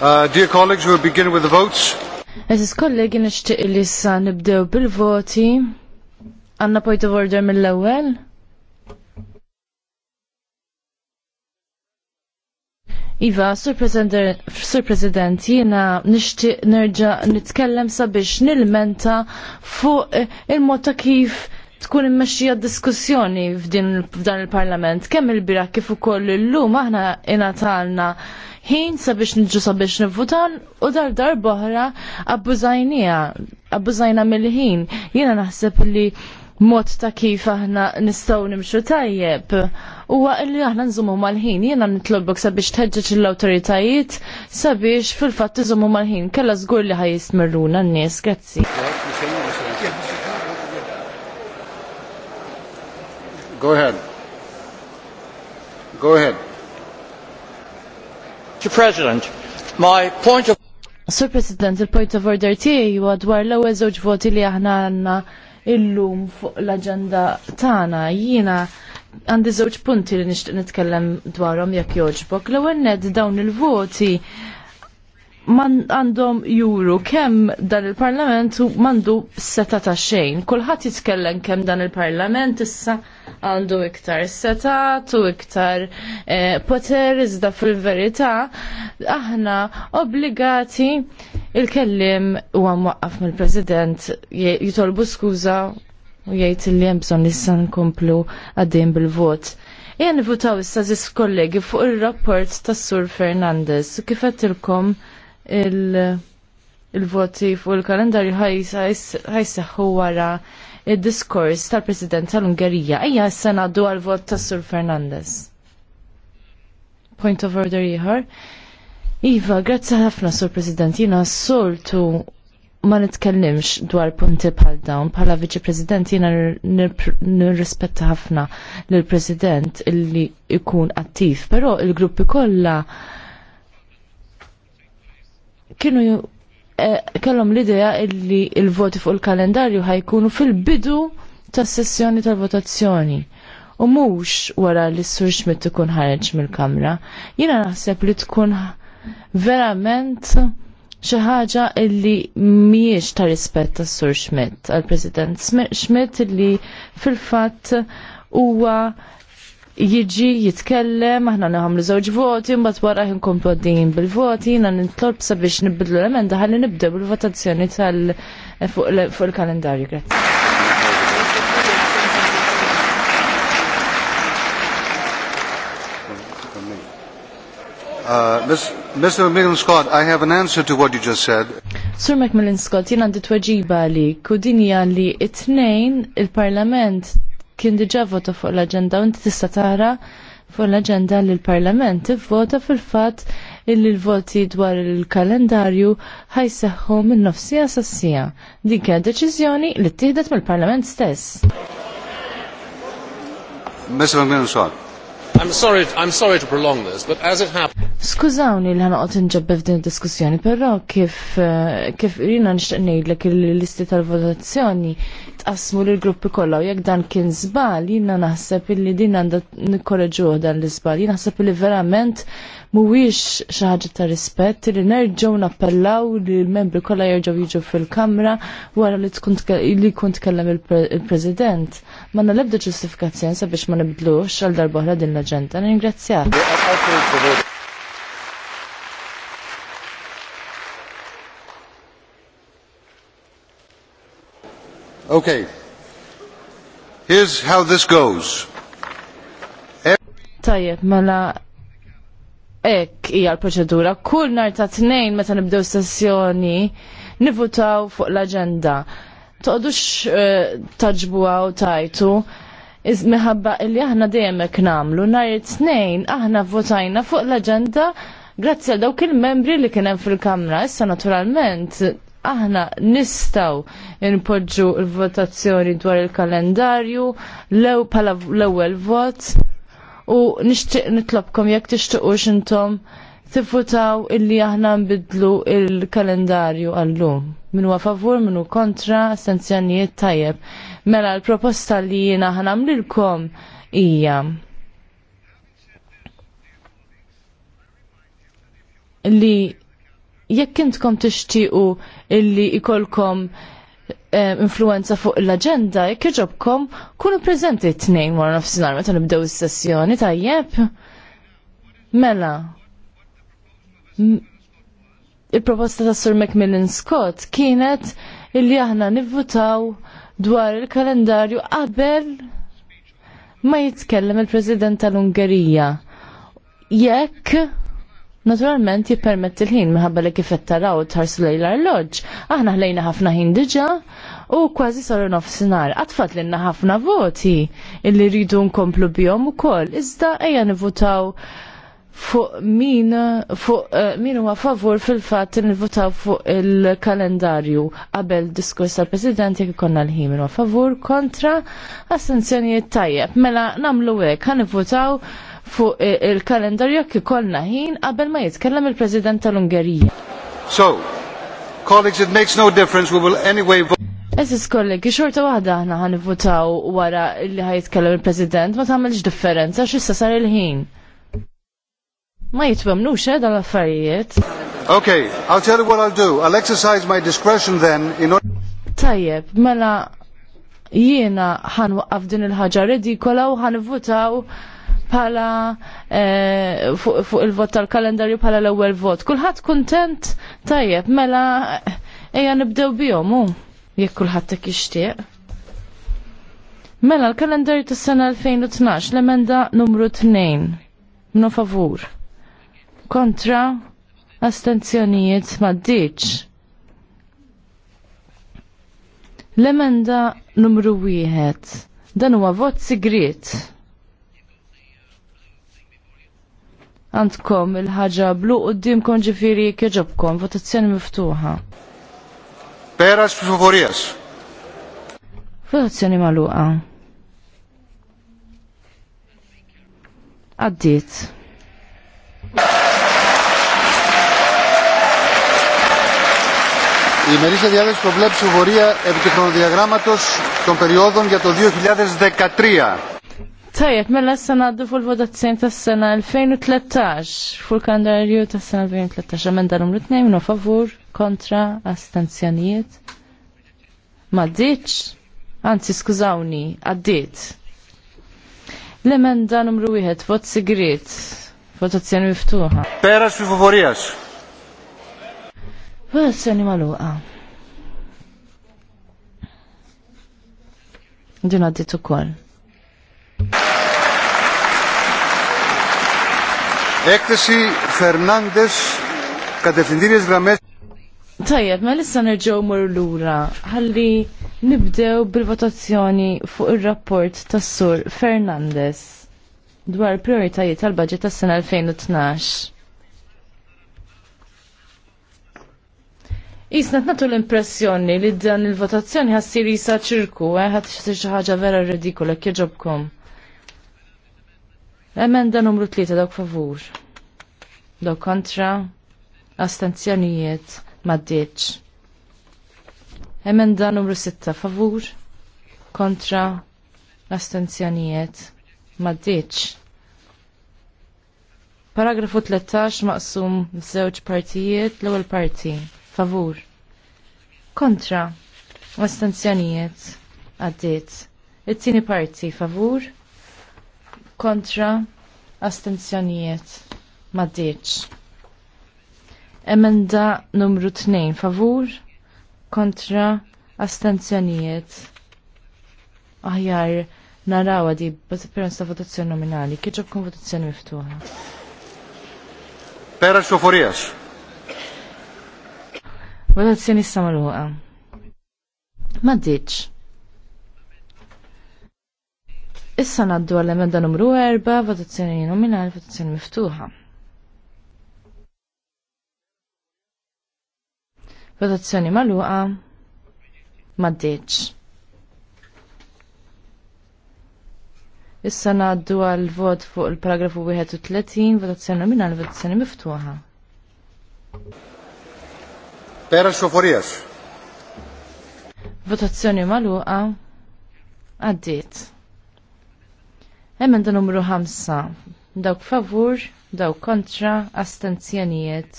Uh, dear colleagues, we'll begin with the votes. Eżis kollegi nixtieq li issa nibdew bil-voti. Għandna point of order mill-ewwel. Iva, Sur President, jina nishtiq nerġa nitkellem sabiex nilmenta fuq il mota ta' kif tkun immexxija diskussjoni f'dan il-Parlament. Kemm il-bira kif ukoll illum aħna ingħatalna ħin sabiex niġu sabiex nivvutan u dar dar boħra abbużajnija, abbużajna mill-ħin. Jiena naħseb li mod ta' kif aħna nistgħu nimxu tajjeb huwa li aħna nżumu mal-ħin. Jiena nitlobok sabiex tħeġġeġ l-awtoritajiet sabiex fil-fatt iżumu mal-ħin. Kella żgur li ħajjistmirruna n-nies. Grazzi. Go ahead. Go ahead. Mr. President, my point of Sir President, il-point of order tiegħi huwa dwar l-ewwel żewġ voti li aħna għandna illum fuq l-aġenda tagħna. Jiena għandi żewġ punti li nixtieq nitkellem dwarhom jekk jogħġbok. L-ewwel ned dawn il-voti man għandhom juru kemm dan il-parlament mandu seta ta' xejn. Kulħadd jitkellem kemm dan il-parlament issa għandu iktar setat u iktar eh, poter iżda fil-verità aħna obbligati il-kellim huwa mwaqqaf mill-President jitolbu skuża u jgħid li hemm bżonn issa nkomplu għaddejn bil-vot. Jien votaw issa żis kollegi fuq ir rapport tas Sur Fernandez kif qedtilkom ilkom il-voti fuq il-kalendarju ħajseħħu wara il-diskors tal-President tal-Ungerija. Ejja s ngħaddu għal-vot tas Sur Fernandez. Point of order ieħor. Iva, grazzi ħafna Sur President, jina soltu ma nitkellimx dwar punti bħal dawn bħala viċi president jiena nirrispetta ħafna lill president illi ikun attiv, però il-gruppi kollha kienu eh, kellhom l-idea illi il-voti fuq il-kalendarju ħajkunu fil-bidu tas-sessjoni tal-votazzjoni u mux wara li s-sur Schmidt tkun ħareġ mill-kamra, jiena naħseb li tkun verament xi ħaġa illi mhijiex ta' rispett tas sur Schmidt għall president Schmidt illi fil-fatt huwa jiġi jitkellem, aħna nħamlu żewġ voti, mbat wara ħinkomplu għaddejjin bil-voti, jiena nitlob sabiex nibdlu l-emenda ħalli nibdew bil-votazzjoni tal fuq il-kalendarju. Grazzi. Uh, Mr. McMillan Scott, I have an answer to what you just said. Sir McMillan Scott, jina għandi tweġiba li kudinja li it-tnejn il-Parlament kien diġa vota fuq l-agenda u inti tista' tara fuq l-agenda li l-Parlament ivvota fil-fatt illi l-voti dwar il-kalendarju ħajseħħu minn nofsija sassija. Din kienet deċiżjoni li ttieħdet mill-Parlament stess. I'm sorry, I'm sorry to prolong this, but as it happened... Skużawni li ħanqot nġabbe f'din diskussjoni, però kif eh, kif rina nixtieq ngħidlek il-listi tal-votazzjoni tqasmu lil gruppi kollha jekk dan kien żball jiena naħseb illi din għandha nikkoreġuh dan l-iżball. Jiena naħseb illi verament mhuwiex xi ħaġa ta' rispett li nerġgħu nappellaw li l-membri kollha jerġgħu jiġu fil-kamra wara li tkun li kun tkellem il-President. l-ebda ġustifikazzjoni sabiex ma nibdlux għal darba din l-aġenda. Ningrazzjak. Okay. Here's how this goes. Tajjeb, mela ek hija l-proċedura. Kull nar ta' tnejn meta nibdew sessjoni nivutaw fuq l-aġenda. Toqdux eh, taġbuha u tajtu. Iż meħabba li aħna dejjem hekk nagħmlu nhar it-tnejn aħna votajna fuq l-aġenda grazzi għal dawk il-membri li kien hemm fil-Kamra. Issa naturalment aħna nistaw npoġġu l-votazzjoni dwar il-kalendarju lew pala l-ewwel vot u nixtieq nitlobkom jekk tixtiequx intom tifutaw illi aħna nbidlu il-kalendarju għallum. Minu favur, minu kontra, sanzjonijiet tajjeb. Mela l-proposta li jiena aħna għamlilkom hija li jekk intkom tixtiequ illi ikolkom eh, influenza fuq l-agenda, jekk iġobkom, kunu prezenti t-nejn wara nofsinhar meta nibdew is-sessjoni tajjeb. Mela. Il-proposta ta' Sur Macmillan Scott kienet illi aħna nivvutaw dwar il-kalendarju qabel ma jitkellem il-President tal-Ungerija. Jekk naturalment jippermetti l-ħin minħabba li kif taraw tħarsu lejla l-arloġġ. Aħna ħlejna ħafna ħin diġà u kważi saru nofsinhar. Għatfat lilna ħafna voti illi rridu nkomplu bihom ukoll. Iżda ejja nivutaw fuq min fuq eh, min huwa favur fil-fatt nivutaw fuq il-kalendarju qabel diskors tal-President jekk ikonna l-ħin huwa favur kontra assenzjonijiet tajjeb. Mela nagħmlu hekk nivutaw fuq eh, il-kalendarju jekk ikollna ħin qabel ma jitkellem il-President tal-Ungerija. So, colleagues, it makes no difference, we will anyway vote. Eżis kollegi, xorta waħda aħna votaw wara li ħajitkellem il-President ma tagħmelx differenza x'issa sar il-ħin. Ma jitwemnux eh dan l-affarijiet. Okay, I'll tell you what I'll do. I'll exercise my discretion then in order... Tajjeb, mela jiena ħanwaqqaf din il-ħaġa redikola u votaw pala eh, fuq il-vot tal-kalendarju bħala l-ewwel vot. Kulħadd kuntent tajjeb mela ejja nibdew bihom hu jekk kulħadd hekk Mela l-kalendarju tas-sena 2012 l-emenda numru 2. No favur. Kontra astenzjonijiet maddiċ. L-emenda numru 1. Dan huwa vot sigriet. għandkom il-ħagġa blu u d qoddimkom ġifiri kieġobkom, votazzjoni miftuħa. Peras favorijas. Votazzjoni maluqa. Għaddit. Η ημερήσια διάθεση προβλέψει ψηφοφορία επί του χρονοδιαγράμματος των περιόδων για το 2013. Tajjeb, mela s-sena għaddu fuq votazzjoni tas sena 2013, fuq kalendarju tas sena 2013, emenda numru 2, no favur, kontra, astanzjonijiet. Ma ditx, għanzi skużawni, għaddit. L-emenda numru 1, vot sigrit, votazzjoni miftuħa. Peras fi favorijax. Votazzjoni maluqa. Dina Din għaddiet ukoll. Έκθεση Φερνάντες, κατευθυντήριες γραμμές. Tajjeb, ma lissa nerġgħu mur lura ħalli nibdew bil-votazzjoni fuq ir-rapport tas-Sur Fernandez dwar prioritajiet tal-baġġet tas-sena 2012. Isna t-natu l-impressjoni li dan il-votazzjoni ħassir jisa ċirku, eh, ħat xi ħaġa vera ridikola kieġobkom. Emenda numru 3 dawk favur. Dawk kontra. Astenzjonijiet maddiċ. Emenda numru 6 favur. Kontra. Astenzjonijiet maddiċ. Paragrafu 13 maqsum żewġ partijiet l-ewwel parti. Favur. Kontra. Astenzjonijiet għaddiet. It-tieni parti favur kontra astenzjonijiet maddiċ. Emenda numru 2 favur kontra astenzjonijiet. Aħjar narawa di permess ta' votazzjoni nominali, kieġob kun votazzjoni miftuħa. Pera xoforijax. Votazzjoni samaluqa. Maddiċ. Issa naddu għall-emenda numru 4, votazzjoni nominali, votazzjoni miftuħa. Votazzjoni maluqa, maddeċ. Issa naddu għal-vot fuq il-paragrafu 31, votazzjoni nominali, votazzjoni miftuħa. Pera xoforijax. Votazzjoni maluqa, għaddiet. Emenda numru 5. Dawk favur, dawk kontra, astenzjonijiet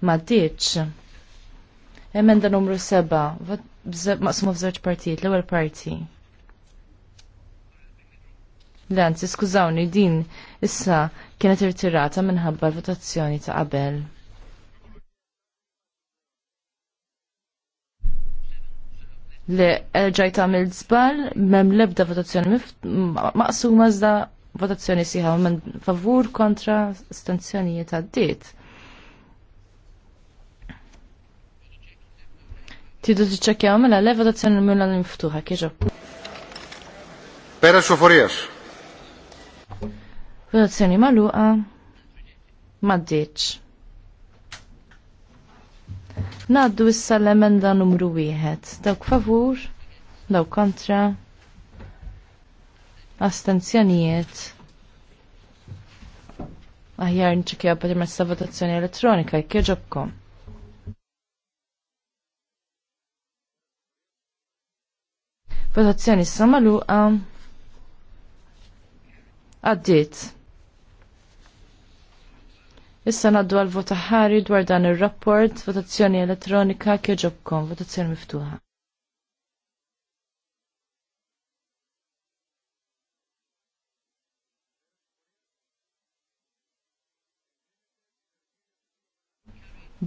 ma ditx. Emenda numru 7. Maqsumu f'żewġ partijiet, l-ewwel parti. Lanzi, skużawni, din issa kienet irtirata minħabba l-votazzjoni ta' qabel. li elġaj tagħmel żball m'hemm l-ebda votazzjoni maqsuma iżda votazzjoni siħa minn favur kontra stanzjonijiet għaddiet. Tidu t-ċekjaw mela le votazzjoni mela l-miftuħa kieġo. Pera xoforijas. Votazzjoni maluqa maddiċ. Naddu issa l-emenda numru wieħed. Dawk favur, dawk kontra, astenzjonijiet. Aħjar nċekja permezz ta' votazzjoni elettronika jkieġobkom. Votazzjoni s-samaluqa għaddit. Issa naddu għal vota ħari dwar dan ir-rapport, votazzjoni elettronika kieġobkom, votazzjoni miftuħa.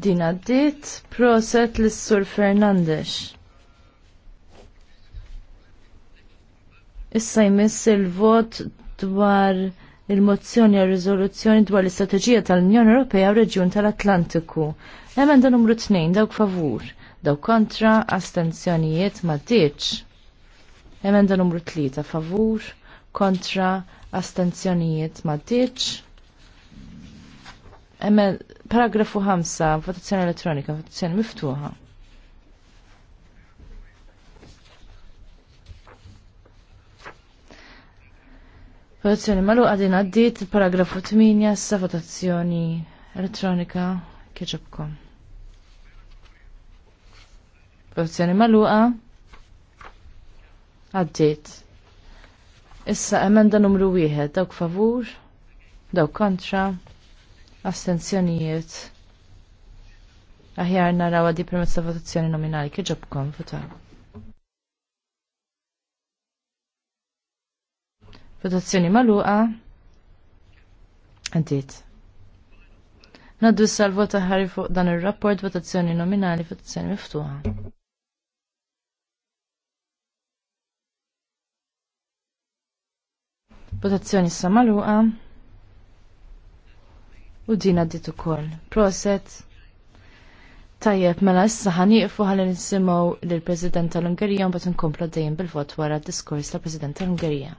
Din għaddit proset l-Sur Fernandez. Issa jmiss il-vot dwar il-mozzjoni għal riżoluzzjoni dwar l-istrateġija tal-Unjoni Ewropea u Reġjun tal-Atlantiku. Emenda numru 2 dawk favur, dawk kontra, astenzjonijiet ma ditx. Emenda numru 3 favur, kontra, astenzjonijiet ma ditx. Paragrafu 5, votazzjoni elettronika, votazzjoni miftuħa. Votazzjoni malu għadin għaddit paragrafu 8 sa votazzjoni elettronika kieġobkom. Votazzjoni malu għaddit. Issa emenda numru 1 dawk favur, dawk kontra, astenzjonijiet. Aħjar naraw għaddi permezz votazzjoni nominali kieġobkom votaw. Votazzjoni maluqa. Għaddit. Naddu s-salvota ħari fuq dan il-rapport votazzjoni nominali votazzjoni miftuħa. Votazzjoni s-samaluqa. U din għaddit ukoll. Proset. Tajjeb, mela issa ħaniqfu ħalli nisimgħu lill-President tal-Ungerija u mbagħad inkomplu dejjem bil-vot wara d-diskors tal-President tal-Ungerija.